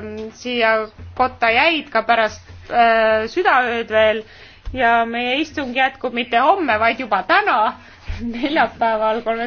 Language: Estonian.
Ähm, siia kotta jäid ka pärast äh, südaööd veel ja meie istung jätkub mitte homme, vaid juba täna, neljapäeval, kolmeteistkümnendal.